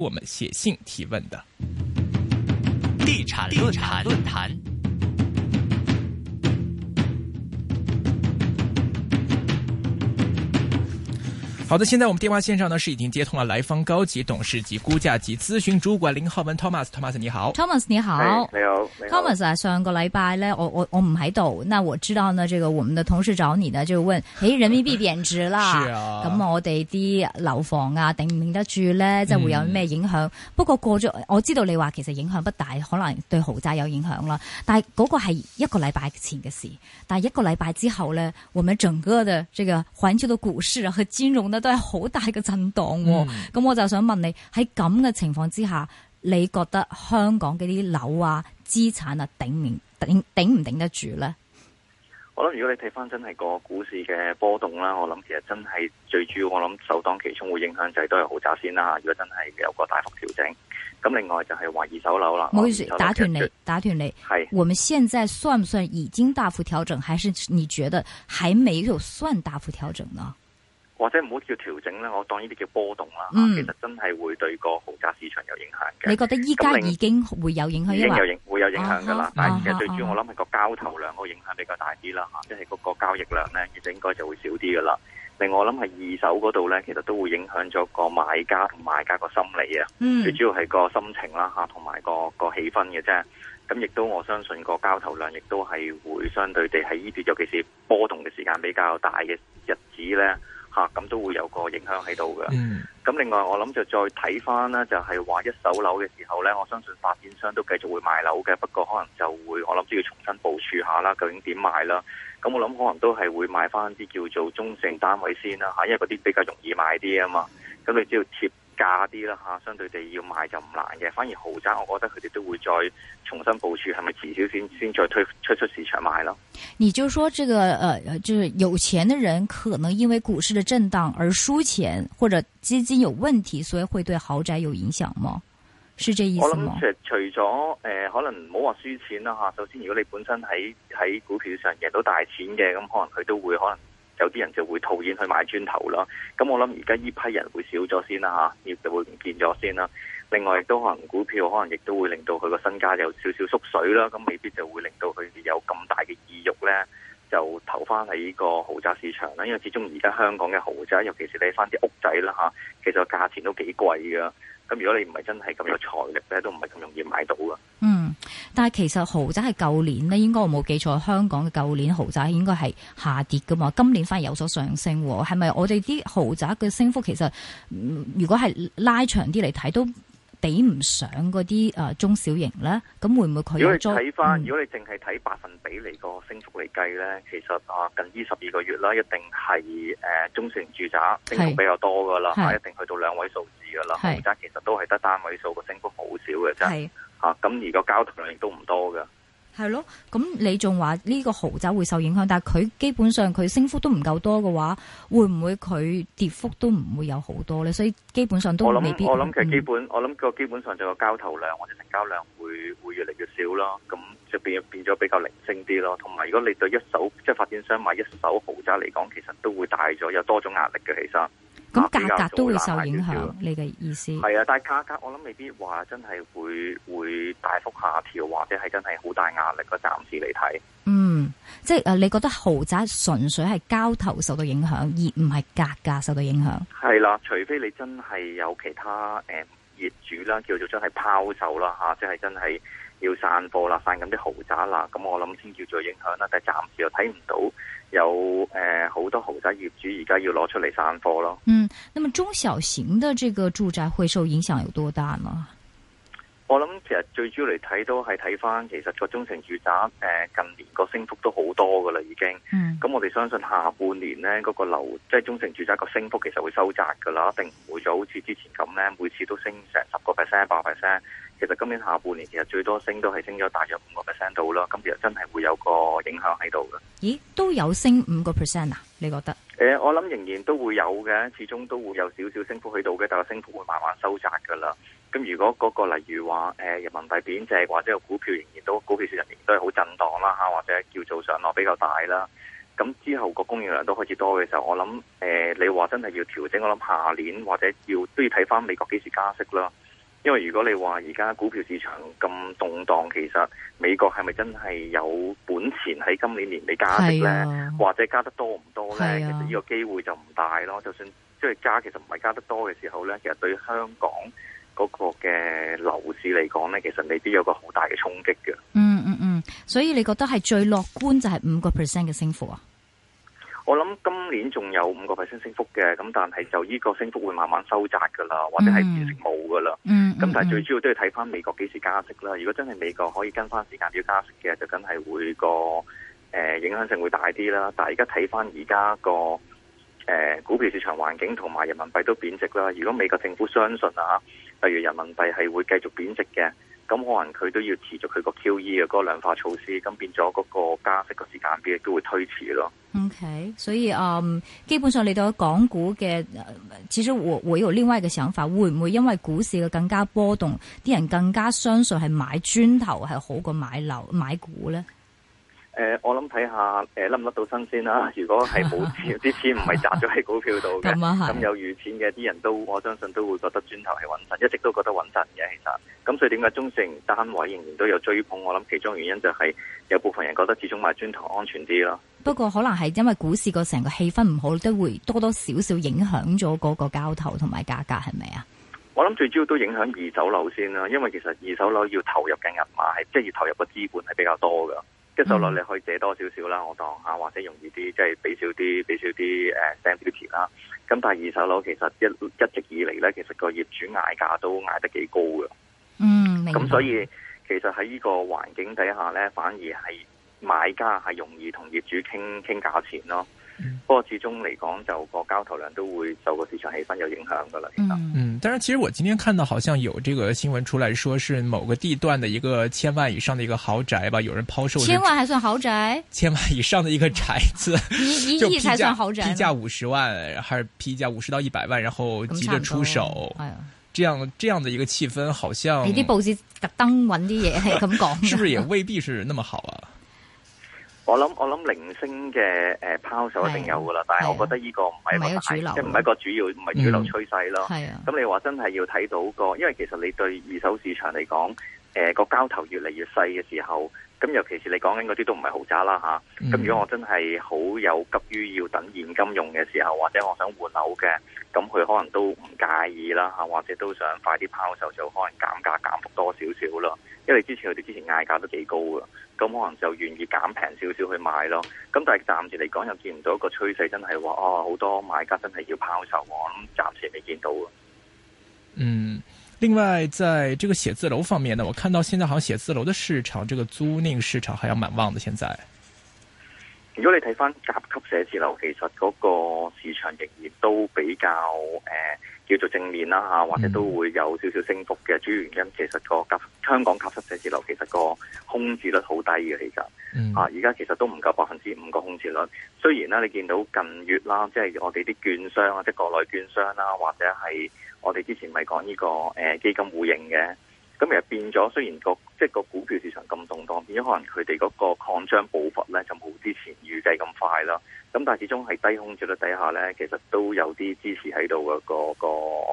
我們寫信提問的地產論壇。好的，現在我們電話線上呢是已經接通了來方高級董事及估價及諮詢主管林浩文 Thomas，Thomas Thomas, 你好，Thomas 你好, hey, 你好，你好，Thomas 啊，上個禮拜咧，我我我唔喺度，那我知道呢，這個我們的同事找你呢就問，誒、哎，人民幣貶值啦，咁、 啊、我哋啲樓房啊頂唔頂得住咧，即係會有咩影響？嗯、不過過咗我知道你話其實影響不大，可能對豪宅有影響啦，但係嗰個係一個禮拜前嘅事，但係一個禮拜之後咧，我們整個的這個環球的股市和金融的。都係好大嘅震蕩、哦，咁、嗯、我就想問你喺咁嘅情況之下，你覺得香港嘅啲樓啊、資產啊，頂唔頂頂唔頂得住咧？我諗如果你睇翻真係個股市嘅波動啦，我諗其實真係最主要，我諗首當其衝會影響就係都係豪宅先啦。如果真係有個大幅調整，咁另外就係話二手樓啦。唔好意思，打斷你，打斷你。係，是我們現在算唔算已經大幅調整，還是你覺得還沒有算大幅調整呢？或者唔好叫調整咧，我當呢啲叫波動啦。嗯、其實真係會對個豪宅市場有影響嘅。你覺得依家已經會有影響啊？已經有影，會有影響噶啦。啊啊、但係其實最主要，啊啊、我諗係個交投量個影響比較大啲啦。嚇，即係嗰個交易量咧，其實應該就會少啲噶啦。另外，我諗係二手嗰度咧，其實都會影響咗個買家同賣家個心理啊。最、嗯、主要係個心情啦嚇，同埋、個個氣氛嘅啫。咁亦都我相信個交投量亦都係會相對地喺呢段，尤其是波動嘅時間比較大嘅日子咧。吓，咁都會有個影響喺度嘅。咁另外，我諗就再睇翻呢，就係話一手樓嘅時候呢，我相信發展商都繼續會賣樓嘅，不過可能就會我諗都要重新部署下啦，究竟點賣啦？咁我諗可能都係會賣翻啲叫做中性單位先啦，吓，因為嗰啲比較容易賣啲啊嘛。咁你只要貼價啲啦吓，相對地要買就唔難嘅，反而豪宅，我覺得佢哋都會再重新部署，係咪遲啲先先再推出出市場買咯？你就說這個，呃，就是有錢的人可能因為股市的震盪而輸錢，或者資金有問題，所以會對豪宅有影響嗎？是這意思嗎？我諗除除咗誒，可能唔好話輸錢啦吓。首先，如果你本身喺喺股票上贏到大錢嘅，咁可能佢都會可能。有啲人就會討厭去買磚頭啦，咁我諗而家依批人會少咗先啦、啊、嚇，亦就會唔見咗先啦、啊。另外亦都可能股票可能亦都會令到佢個身家有少少縮水啦，咁未必就會令到佢有咁大嘅意欲呢，就投翻喺呢個豪宅市場啦。因為始終而家香港嘅豪宅，尤其是睇翻啲屋仔啦嚇、啊，其實價錢都幾貴噶。咁如果你唔係真係咁有財力咧，都唔係咁容易買到噶。嗯，但係其實豪宅係舊年呢，應該我冇記錯，香港嘅舊年豪宅應該係下跌噶嘛。今年反而有所上升，係咪我哋啲豪宅嘅升幅其實如果係拉長啲嚟睇都？比唔上嗰啲啊中小型咧，咁會唔會佢如果睇翻，如果你淨係睇百分比嚟，個升幅嚟計咧，其實啊近呢十二個月啦，一定係誒、呃、中小型住宅升幅比較多噶啦，是一定去到兩位數字噶啦，豪宅是其實都係得單位數個升幅好少嘅啫，吓咁是、啊、而個交投量亦都唔多嘅。係咯，咁你仲話呢個豪宅會受影響，但係佢基本上佢升幅都唔夠多嘅話，會唔會佢跌幅都唔會有好多呢？所以基本上都未必。我諗其實基本，嗯、我諗個基本上就個交投量或者成交量會會越嚟越少咯。咁就變變咗比較零星啲咯。同埋如果你對一手即係、就是、發展商買一手豪宅嚟講，其實都會大咗，有多種壓力嘅其實。咁價格都會受影響，你嘅意思係啊？但係價格我諗未必話真係會會大幅下調，或者係真係好大壓力嘅。暫時嚟睇，嗯，即係誒，你覺得豪宅純粹係交投受到影響，而唔係價價受到影響？係啦，除非你真係有其他誒業主啦，叫做真係拋售啦吓，即係真係要散貨啦，散緊啲豪宅啦，咁我諗先叫做影響啦，但係暫時又睇唔到。有誒，好、呃、多豪宅業主而家要攞出嚟散貨咯。嗯，咁中小型嘅這個住宅會受影響有多大呢？我諗其實最主要嚟睇都係睇翻，其實個中城住宅誒、呃，近年個升幅都好多噶啦，已經。嗯。咁我哋相信下半年呢嗰、嗰個樓即係中城住宅個升幅其實會收窄噶啦，一定唔會就好似之前咁呢，每次都升成十個 percent、八 percent。其實今年下半年其實最多升都係升咗大約五個 percent 到啦，今期真係會有個影響喺度嘅。咦，都有升五個 percent 啊？你覺得？誒、呃，我諗仍然都會有嘅，始終都會有少少升幅喺度嘅，但係升幅會慢慢收窄噶啦。咁如果嗰個例如話誒、呃、人民幣貶值或者個股，股，股票仍然都股票市場仍然都係好震盪啦吓，或者叫做上落比較大啦。咁之後個供應量都開始多嘅時候，我諗誒、呃、你話真係要調整，我諗下年或者要都要睇翻美國幾時加息啦。因為如果你話而家股票市場咁動盪，其實美國係咪真係有本錢喺今年年尾加息呢？啊、或者加得多唔多呢？啊、其實呢個機會就唔大咯。就算即係加，其實唔係加得多嘅時候呢，其實對香港嗰個嘅樓市嚟講呢，其實未必有個好大嘅衝擊嘅、嗯。嗯嗯嗯，所以你覺得係最樂觀就係五個 percent 嘅升幅啊？我諗今年仲有五個 percent 升幅嘅。咁但係就依個升幅會慢慢收窄噶啦，或者係變成冇噶啦。咁、mm hmm. mm hmm. 但係最主要都要睇翻美國幾時加息啦。如果真係美國可以跟翻時間要加息嘅，就梗係會個誒、呃、影響性會大啲啦。但係而家睇翻而家個誒股票市場環境同埋人民幣都貶值啦。如果美國政府相信啊，例如人民幣係會繼續貶值嘅。咁可能佢都要持續佢個 QE 嘅嗰個量化措施，咁變咗嗰個加息嘅時間亦都會推遲咯。OK，所以嗯，基本上你對港股嘅，至少我我有另外嘅想法，會唔會因為股市嘅更加波動，啲人更加相信係買磚頭係好過買樓買股咧？誒、呃，我諗睇下誒，拎唔拎到新鮮啦。如果係冇啲錢唔係砸咗喺股票度嘅，咁 有餘錢嘅啲人都，我相信都會覺得磚頭係穩陣，一直都覺得穩陣嘅其實。咁所以點解中成單位仍然都有追捧？我諗其中原因就係、是、有部分人覺得始終買磚頭安全啲咯。不過可能係因為股市個成個氣氛唔好，都會多多少少影響咗嗰個交投同埋價格，係咪啊？我諗最主要都影響二手樓先啦、啊，因為其實二手樓要投入嘅銀碼即係要投入嘅資本係比較多噶。嗯、一手樓你可以借多少少啦，我當下或者容易啲，即係俾少啲，俾少啲誒、啊、Stamp Duty 啦。咁但係二手樓其實一一直以嚟呢，其實個業主嗌價都嗌得幾高嘅。嗯，咁所以明白。其實喺呢個環境底下呢，反而係買家係容易同業主傾傾價錢咯。不過始終嚟講，就個交投量都會受個市場氣氛有影響噶啦。嗯，嗯，當然，其實我今天看到好像有這個新聞出來說，是某個地段的一個千萬以上的一個豪宅吧，有人拋售。千萬還算豪宅？千萬以上的一個宅子，一一億才算豪宅。批價五十萬，還是批價五十到一百萬，然後急着出手。係啊，哎、這樣這樣的一個氣氛，好像你啲報紙特登揾啲嘢係咁講， 是不是也未必是那麼好啊？我諗我諗零星嘅誒拋售一定有噶啦，的但係我覺得呢個唔係一個大流，即係唔係一個主要唔係主流，嗯、趨勢咯。咁的你話真係要睇到個，因為其實你對二手市場嚟講，誒、呃、個交投越嚟越細嘅時候。咁、嗯、尤其是你講緊嗰啲都唔係豪宅啦嚇，咁、啊、如果我真係好有急於要等現金用嘅時候，或者我想換樓嘅，咁佢可能都唔介意啦嚇、啊，或者都想快啲拋售，就可能減價減幅多少少咯。因為之前佢哋之前嗌價都幾高㗎，咁可能就願意減平少少去買咯。咁但係暫時嚟講又見唔到一個趨勢真，真係話哦好多買家真係要拋售，我諗暫時未見到嗯。另外，在這個寫字樓方面呢，我看到現在好像寫字樓的市場，這個租賃市場好像蠻旺的。現在如果你睇翻甲級寫字樓，其實嗰個市場仍然都比較誒、呃、叫做正面啦嚇，或者都會有少少升幅嘅主要原因，其實個甲香港甲級寫字樓其實個空置率好低嘅其實、嗯、啊，而家其實都唔夠百分之五個空置率。雖然啦，你見到近月啦，即係我哋啲券商啊，即係國內券商啦，或者係。我哋之前咪講呢個誒、呃、基金互認嘅，咁其實變咗，雖然個即係個股票市場咁動盪，變咗可能佢哋嗰個擴張步伐咧就冇之前預計咁快咯。咁、嗯、但係始終係低空著落底下咧，其實都有啲支持喺度嘅個個、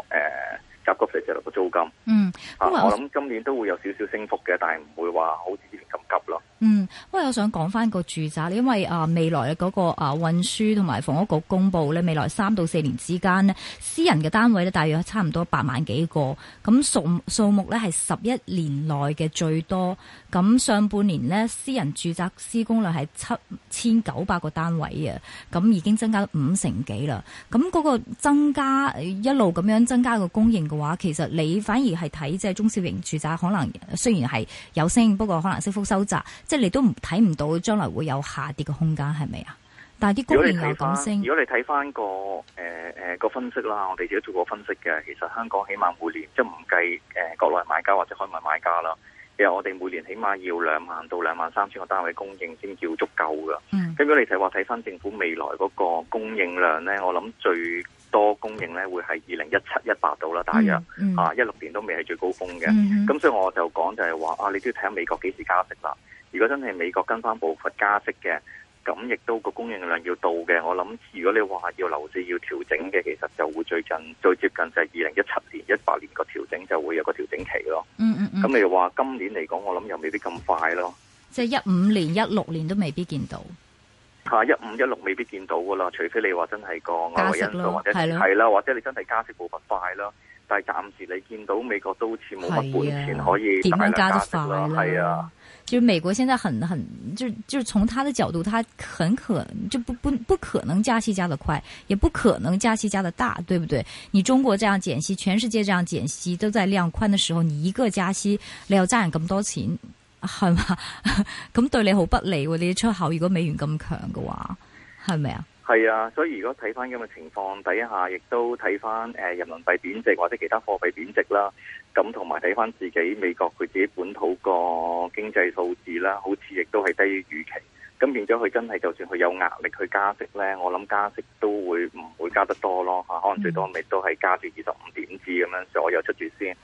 呃夾谷寫字樓個租金，嗯，因為啊、我諗今年都會有少少升幅嘅，但係唔會話好似之前咁急咯。嗯，不過我想講翻個住宅，因為啊未來嗰、那個啊運輸同埋房屋局公布咧，未來三到四年之間咧，私人嘅單位咧大約差唔多八萬幾個，咁數數目咧係十一年內嘅最多。咁上半年呢，私人住宅施工量係七千九百個單位啊，咁已經增加五成幾啦。咁嗰個增加一路咁樣增加個供應話其實你反而，係睇即係中小型住宅，可能雖然係有升，不過可能升幅收窄，即係你都唔睇唔到將來會有下跌嘅空間，係咪啊？但係啲供應有咁升。如果你睇翻個誒誒、呃、個分析啦，我哋自己做過分析嘅，其實香港起碼每年即係唔計誒國內買家或者海外買家啦，其實我哋每年起碼要兩萬到兩萬三千個單位供應先叫足夠噶。嗯，咁樣你睇話睇翻政府未來嗰個供應量咧，我諗最。多供應咧，會係二零一七一八度啦，大約、mm hmm. 啊，一六年都未係最高峰嘅。咁、mm hmm. 所以我就講就係話啊，你都要睇下美國幾時加息啦。如果真係美國跟翻步伐加息嘅，咁亦都個供應量要到嘅。我諗如果你話要樓市要調整嘅，其實就會最近最接近就係二零一七年一八年個調整就會有個調整期咯。咁、mm hmm. 你話今年嚟講，我諗又未必咁快咯。即係一五年、一六年都未必見到。嚇一五一六未必見到噶啦，除非你話真係降啊加息，或者係啦的，或者你真係加息步伐快啦。但係暫時你見到美國都似冇乜本錢可以點樣加得快啦。係啊的，就美國現在很很，就就從他的角度，他很可就不不不可能加息加得快，也不可能加息加得大，對不對？你中國這樣減息，全世界這樣減息，都在量寬的時候，你一個加息，你又賺咁多錢。係嘛？咁是 對你好不利，你出口如果美元咁強嘅話，係咪啊？係啊，所以如果睇翻咁嘅情況底下，亦都睇翻誒人民幣貶值或者其他貨幣貶值啦。咁同埋睇翻自己美國佢自己本土個經濟數字啦，好似亦都係低於預期。咁變咗佢真係就算佢有壓力去加息咧，我諗加息都會唔會加得多咯？吓，可能最多咪都係加住二十五點子咁樣左右出住先。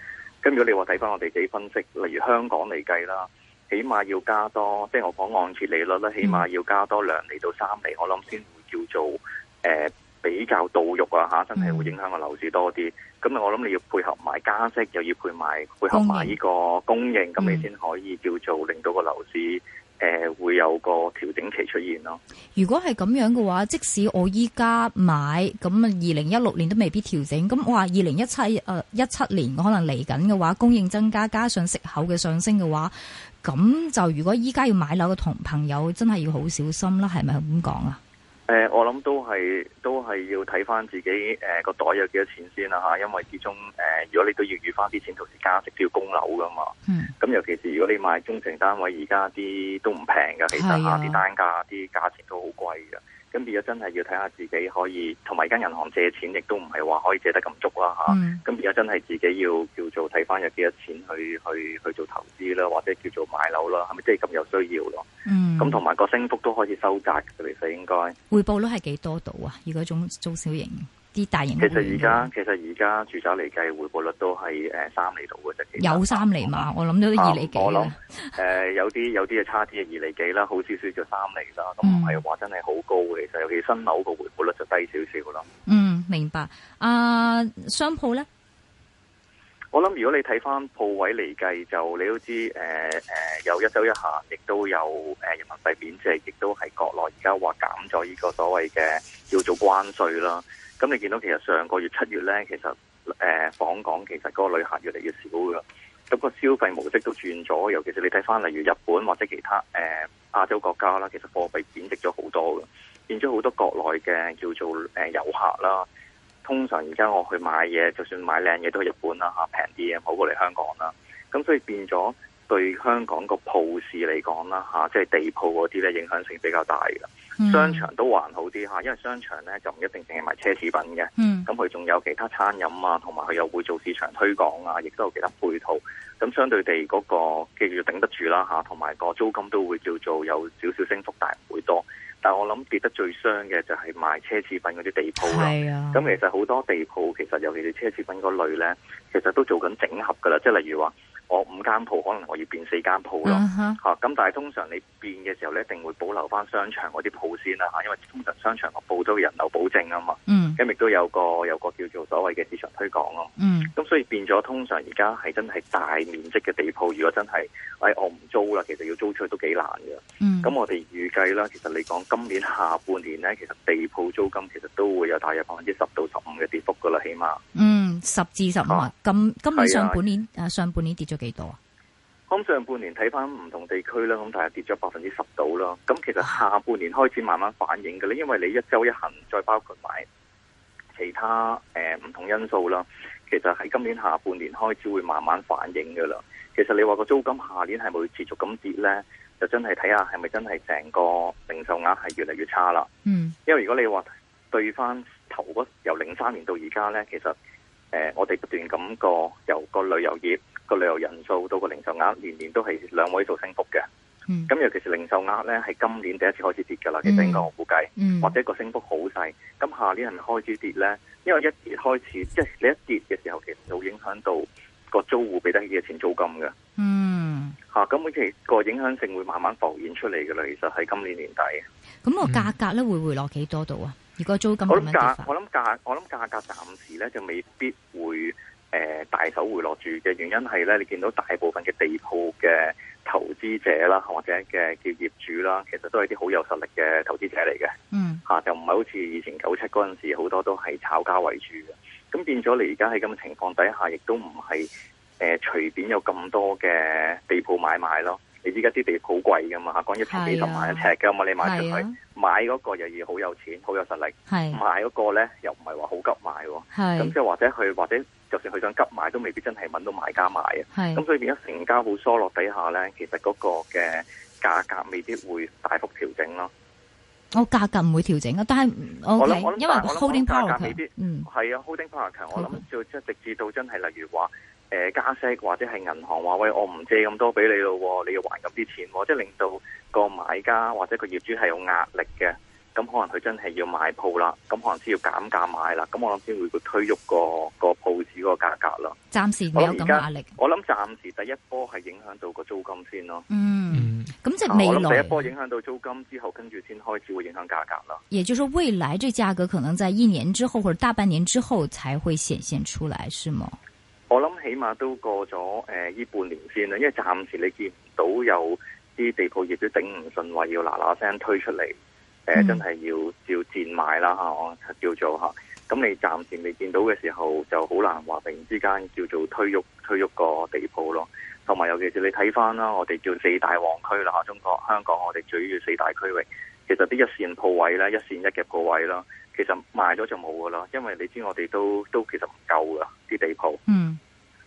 咁如果你話睇翻我哋自己分析，例如香港嚟計啦。起碼要加多，即係我講按揭利率咧，嗯、起碼要加多兩厘到三厘，我諗先會叫做誒、呃、比較到肉啊吓，真係會影響個樓市多啲。咁啊、嗯，我諗你要配合埋加息，又要配埋配合埋呢個供應，咁你先可以叫做令到個樓市誒、呃、會有個調整期出現咯。如果係咁樣嘅話，即使我依家買，咁啊二零一六年都未必調整。咁我話二零一七誒一七年，可能嚟緊嘅話，供應增加，加上息口嘅上升嘅話。咁就如果依家要買樓嘅同朋友，真係要好小心啦，係咪咁講啊？誒、呃，我諗都係都係要睇翻自己誒、呃、個袋有幾多錢先啦、啊、吓，因為始終誒、呃、如果你都要預翻啲錢，同時加息都要供樓噶嘛。嗯,嗯。咁尤其是如果你買中程單位，而家啲都唔平噶，其實吓啲是、啊啊、單價啲價錢都好貴嘅。咁而家真係要睇下自己可以同埋間銀行借錢，亦都唔係話可以借得咁足啦嚇。咁而家真係自己要叫做睇翻有幾多錢去去去做投資啦，或者叫做買樓啦，係咪即係咁有需要咯？嗯，咁同埋個升幅都可以收窄，其實應該回報率係幾多度啊？以嗰種中小型。啲大型其實而家其實而家住宅嚟計回報率都係誒三厘度嘅啫，有三厘嘛？我諗都二厘幾啊！我諗誒有啲有啲係差啲嘅二厘幾啦，好少少就三厘啦，咁唔係話真係好高嘅。其實尤其新樓個回報率就低少少咯。嗯，明白。啊，商鋪咧？我諗如果你睇翻鋪位嚟計，就你都知誒誒、呃呃，有一周一下，亦都有誒、呃、人民幣貶值，亦都係國內而家話減咗呢個所謂嘅叫做關稅啦。咁、嗯、你見到其實上個月七月咧，其實誒、呃、訪港其實嗰個旅客越嚟越少嘅，咁個消費模式都轉咗。尤其是你睇返例如日本或者其他誒、呃、亞洲國家啦，其實貨幣貶值咗好多嘅，變咗好多國內嘅叫做誒、呃、遊客啦。通常而家我去買嘢，就算買靚嘢都去日本啦嚇，平啲嘢好過嚟香港啦。咁、嗯、所以變咗。對香港個鋪市嚟講啦，吓，即係地鋪嗰啲咧影響性比較大嘅，商場都還好啲吓，因為商場咧就唔一定淨係賣奢侈品嘅，咁佢仲有其他餐飲啊，同埋佢又會做市場推廣啊，亦都有其他配套，咁相對地嗰個即要頂得住啦吓，同埋個租金都會叫做有少少升幅，但係唔會多。但係我諗跌得最傷嘅就係賣奢侈品嗰啲地鋪啦，咁其實好多地鋪其實尤其係奢侈品嗰類咧，其實都做緊整合噶啦，即係例如話。我、哦、五間鋪可能我要變四間鋪咯，吓咁、uh huh. 啊、但係通常你變嘅時候咧，你一定會保留翻商場嗰啲鋪先啦吓、啊，因為通常商場個鋪都有人流保證啊嘛，咁亦都有個有個叫做所謂嘅市場推廣咯、啊，咁、mm. 啊、所以變咗通常而家係真係大面積嘅地鋪，如果真係，哎我唔租啦，其實要租出去都幾難嘅，咁、mm. 我哋預計啦，其實你講今年下半年咧，其實地鋪租金其實都會有大約百分之十到十五嘅跌幅噶啦，起碼。Mm. 十至十五啊！咁今年上半年誒、啊、上半年跌咗幾多啊？咁上半年睇翻唔同地區啦，咁但係跌咗百分之十到咯。咁其實下半年開始慢慢反映嘅咧，因為你一周一行，再包括埋其他誒、呃、唔同因素啦。其實喺今年下半年開始會慢慢反映噶啦。其實你話個租金下年係咪會持續咁跌咧？就真係睇下係咪真係成個零售額係越嚟越差啦。嗯，因為如果你話對翻頭嗰由零三年到而家咧，其實。誒、呃，我哋不斷咁個由個旅遊業個旅遊人數到個零售額，年年都係兩位數升幅嘅。咁、嗯、尤其是零售額咧，係今年第一次開始跌噶啦，嗯、其實應該我估計，嗯、或者個升幅好細。咁下年開始跌咧，因為一跌開始，即係你一跌嘅時候，其實都影響到個租戶俾得起嘅錢租金嘅。嗯，吓咁、啊，其實個影響性會慢慢浮現出嚟噶啦。其實係今年年底，咁個價格咧會回落幾多度啊？嗯如果租金話，我諗價，我諗價，我諗價格暫時咧就未必會誒、呃、大手回落住嘅原因係咧，你見到大部分嘅地鋪嘅投資者啦，或者嘅叫業主啦，其實都係啲好有實力嘅投資者嚟嘅，嗯，吓、啊、就唔係好似以前九七嗰陣時好多都係炒家為主嘅，咁變咗你而家喺咁嘅情況底下，亦都唔係誒隨便有咁多嘅地鋪買賣咯。你依家啲地好貴噶嘛，講一千幾十萬一尺嘅嘛，啊、你買出去、啊、買嗰個又要好有錢、好有實力。是買嗰個咧又唔係話好急買，咁即係或者佢，或者，就算佢想急買都未必真係揾到買家買。咁是所以變咗成交好疏落底下咧，其實嗰個嘅價格未必會大幅調整咯。我、哦、價格唔會調整啊，但係我我因為 holding power 佢嗯係啊，holding power 強，我諗就即係直至到真係例如話。誒、呃，加息或者係銀行話喂，我唔借咁多俾你咯，你要還咁啲錢，即、就、係、是、令到個買家或者個業主係有壓力嘅。咁可能佢真係要賣鋪啦，咁可能先要減價買啦，咁我諗先會推喐、那個、那個鋪市個價格啦。暫時未有咁壓力。我諗暫時第一波係影響到個租金先咯。嗯，咁即係未來。啊、我諗第一波影響到租金之後，跟住先開始會影響價格啦。也就是說，未來這價格可能在一年之後或者大半年之後才會顯現出來，是嗎？我諗起碼都過咗誒呢半年先啦，因為暫時你見唔到有啲地鋪業都頂唔順，話要嗱嗱聲推出嚟誒，呃嗯、真係要照賤賣啦吓，我叫做吓。咁你暫時未見到嘅時候，就好難話突然之間叫做推喐，推喐個地鋪咯。同埋尤其是你睇翻啦，我哋叫四大旺區啦，中國香港我哋主要四大區域，其實啲一線鋪位啦，一線一嘅個位啦。其實賣咗就冇噶啦，因為你知我哋都都其實唔夠噶啲地鋪，吓、嗯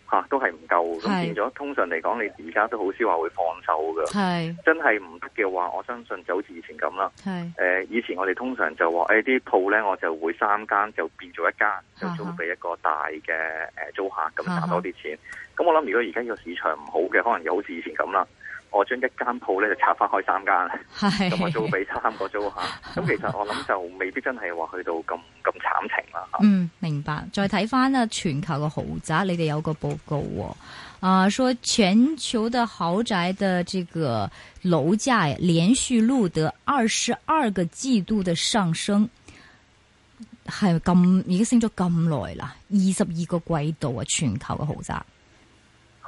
啊、都係唔夠咁變咗。通常嚟講，你而家都好少話會放手噶，係是真係唔得嘅話，我相信就好似以前咁啦。係誒是、呃，以前我哋通常就話誒啲鋪咧，我就會三間就變做一間，就租俾一個大嘅誒租客，咁賺、啊、哈多啲錢。咁、啊、哈我諗如果而家個市場唔好嘅，可能又好似以前咁啦。我將一間鋪咧就拆翻開三間，咁我租俾三個租客。咁 其實我諗就未必真係話去到咁咁慘情啦。嗯，明白。再睇翻啊，全球嘅豪宅，你哋有個報告、哦，啊，說全球嘅豪宅嘅這個樓價連續錄得二十二個季度嘅上升，係咁已經升咗咁耐啦，二十二個季度啊，全球嘅豪宅。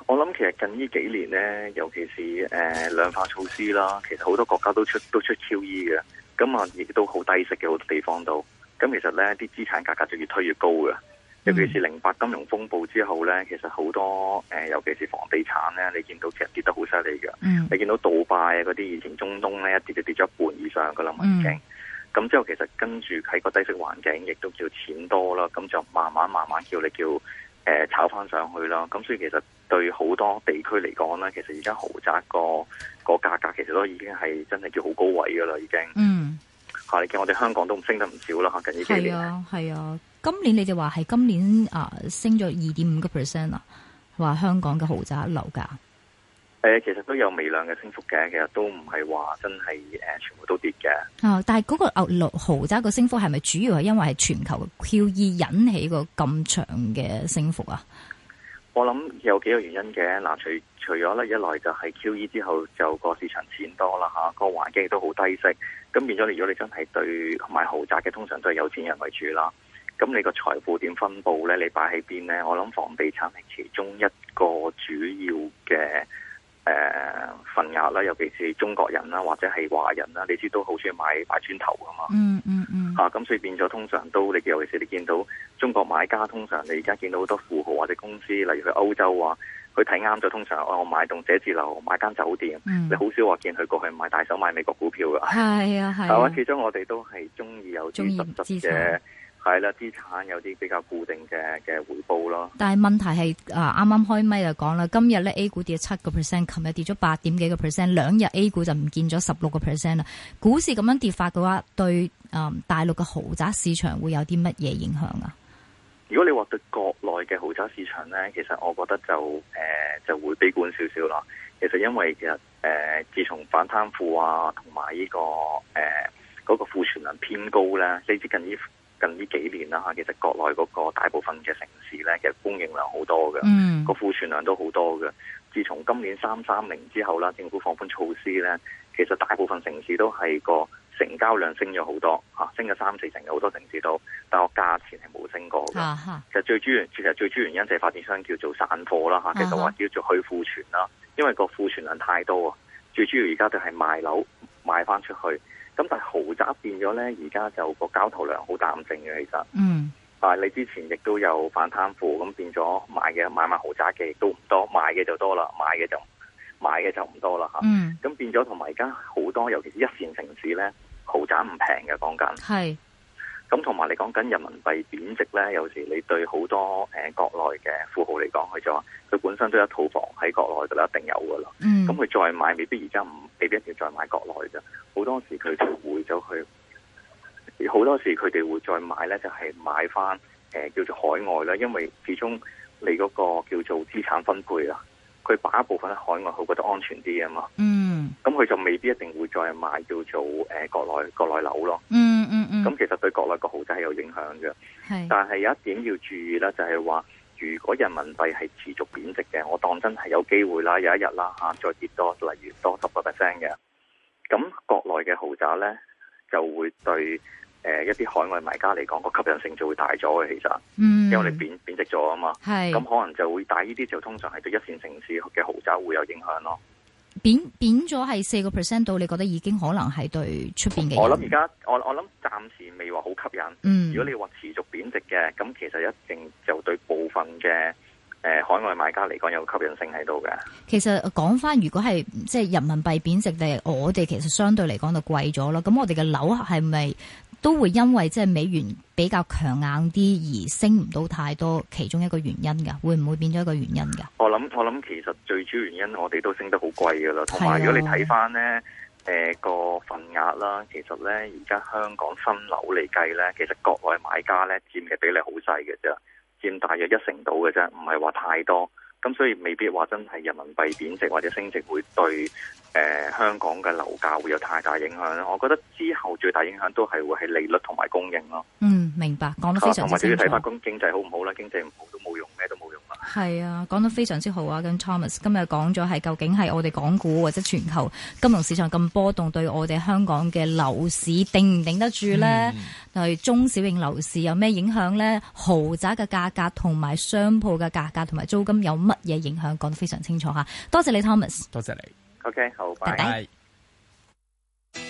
我諗其實近呢幾年咧，尤其是誒、呃、量化措施啦，其實好多國家都出都出 QE 嘅，咁啊亦都好低息嘅好多地方都。咁其實咧啲資產價格，格，格就越推越高嘅，尤其是零八金融風暴之後咧，其實好多誒、呃，尤其是房地產咧，你見到其實跌得好犀利嘅。嗯、你見到杜拜啊嗰啲以前中東咧一跌就跌咗一半以上噶啦環境，咁之、嗯嗯、後其實跟住喺個低息環境，亦都叫錢多啦，咁就慢慢慢慢叫你叫誒、呃、炒翻上去啦。咁所以其實。對好多地區嚟講咧，其實而家豪宅、嗰個個價格其實都已經係真係叫好高位噶啦，已經。嗯、吓、啊、你見我哋香港都唔升得唔少啦，吓，近係啊係啊，今年你哋話係今年、呃、升啊升咗二點五個 percent 啦，話香港嘅豪宅樓價。誒、呃，其實都有微量嘅升幅嘅，其實都唔係話真係誒、呃、全部都跌嘅、啊。但係嗰個牛豪宅個升幅係咪主要係因為係全球 QE 引起個咁長嘅升幅啊？我諗有幾個原因嘅嗱，除除咗咧一來就係 QE 之後就個市場錢多啦吓，個、啊、環境亦都好低息，咁變咗如果你真係對買豪宅嘅通常都係有錢人為主啦。咁你個財富點分布咧，你擺喺邊咧？我諗房地產係其中一個主要嘅誒份額啦，尤其是中國人啦或者係華人啦，你知都好中意買擺磚頭噶嘛。嗯嗯嗯。嗯嗯啊，咁所以變咗，通常都你尤其是你見到中國買家，通常你而家見到好多富豪或者公司，例如去歐洲話，佢睇啱咗，通常我買棟寫字樓，買間酒店，嗯、你好少話見佢過去買大手買美國股票㗎。係啊，係。係啊，始終、啊啊、我哋都係中意有啲實質嘅。係啦，資產有啲比較固定嘅嘅回報咯。但係問題係啊，啱啱開咪就講啦，今日咧 A 股跌七個 percent，琴日跌咗八點幾個 percent，兩日 A 股就唔見咗十六個 percent 啦。股市咁樣跌法嘅話，對啊、嗯、大陸嘅豪宅市場會有啲乜嘢影響啊？如果你話對國內嘅豪宅市場咧，其實我覺得就誒、呃、就會悲觀少少啦。其實因為其實誒自從反貪腐啊，同埋呢個誒嗰、呃那個庫存量偏高咧，接近呢。近呢幾年啦嚇，其實國內嗰個大部分嘅城市咧，其實供應量好多嘅，mm. 個庫存量都好多嘅。自從今年三三零之後啦，政府放寬措施咧，其實大部分城市都係個成交量升咗好多嚇、啊，升咗三四成嘅，好多城市都，但係個價錢係冇升過嘅。Uh huh. 其實最主要，其實最主要原因就係發展商叫做散貨啦嚇、啊，其實話叫做去庫存啦，因為個庫存量太多啊。最主要而家就係賣樓賣翻出去。咁但係豪宅變咗咧，而家就個交投量好淡靜嘅，其實。嗯。但係、啊、你之前亦都有反貪腐，咁變咗買嘅買買豪宅嘅亦都唔多，買嘅就多啦，買嘅就買嘅就唔多啦嚇。咁、啊嗯、變咗同埋而家好多，尤其是一線城市咧，豪宅唔平嘅講緊。係。咁同埋你講緊人民幣貶值咧，有時你對好多誒、呃、國內嘅富豪嚟講，佢就佢本身都有套房喺國內嘅咧，一定有噶啦。咁佢再買，未必而家唔。未必一定要再買國內㗎，好多時佢哋會走去，好多時佢哋會再買咧，就係、是、買翻誒、呃、叫做海外啦，因為始終你嗰個叫做資產分配啊，佢擺一部分喺海外，佢覺得安全啲啊嘛。Mm. 嗯，咁佢就未必一定會再買叫做誒、呃、國內國內樓咯、mm, mm, mm. 嗯。嗯嗯嗯，咁其實對國內個豪宅係有影響嘅。係是，但係有一點要注意啦，就係、是、話。如果人民幣係持續貶值嘅，我當真係有機會啦，有一日啦嚇再跌多，例如多十個 percent 嘅，咁國內嘅豪宅呢，就會對誒、呃、一啲海外買家嚟講個吸引性就會大咗嘅，其實，嗯、因為你哋貶貶值咗啊嘛，咁是可能就會大。呢啲就通常係對一線城市嘅豪宅會有影響咯。貶貶咗係四個 percent 度，你覺得已經可能係對出邊嘅？我諗而家我我諗暫時未話好吸引。嗯，如果你話持續貶值嘅，咁其實一定就對部分嘅誒、呃、海外買家嚟講有吸引性喺度嘅。其實講翻，如果係即係人民幣貶值，定係我哋其實相對嚟講就貴咗啦。咁我哋嘅樓係咪？都會因為即係美元比較強硬啲而升唔到太多，其中一個原因嘅，會唔會變咗一個原因嘅？我諗我諗，其實最主要原因我哋都升得好貴噶啦，同埋，如果你睇翻咧，誒個是的、呃、份額啦，其實咧而家香港新樓嚟計咧，其實國內買家咧佔嘅比例好細嘅啫，佔大約一成到嘅啫，唔係話太多。咁所以未必話真係人民幣貶值或者升值會對誒、呃、香港嘅樓價會有太大影響，我覺得之後最大影響都係會係利率同埋供應咯。嗯，明白，講得非常清楚。同埋都要睇法，個經濟好唔好啦，經濟唔好都冇用。係啊，講得非常之好啊，跟 Thomas 今日講咗係究竟係我哋港股或者全球金融市場咁波動，對我哋香港嘅樓市頂唔頂得住呢？對、嗯、中小型樓市有咩影響呢？豪宅嘅價格同埋商鋪嘅價格同埋租金有乜嘢影響？講得非常清楚吓，多謝你，Thomas。多謝你，Thomas、謝你，OK，好，拜拜。Bye bye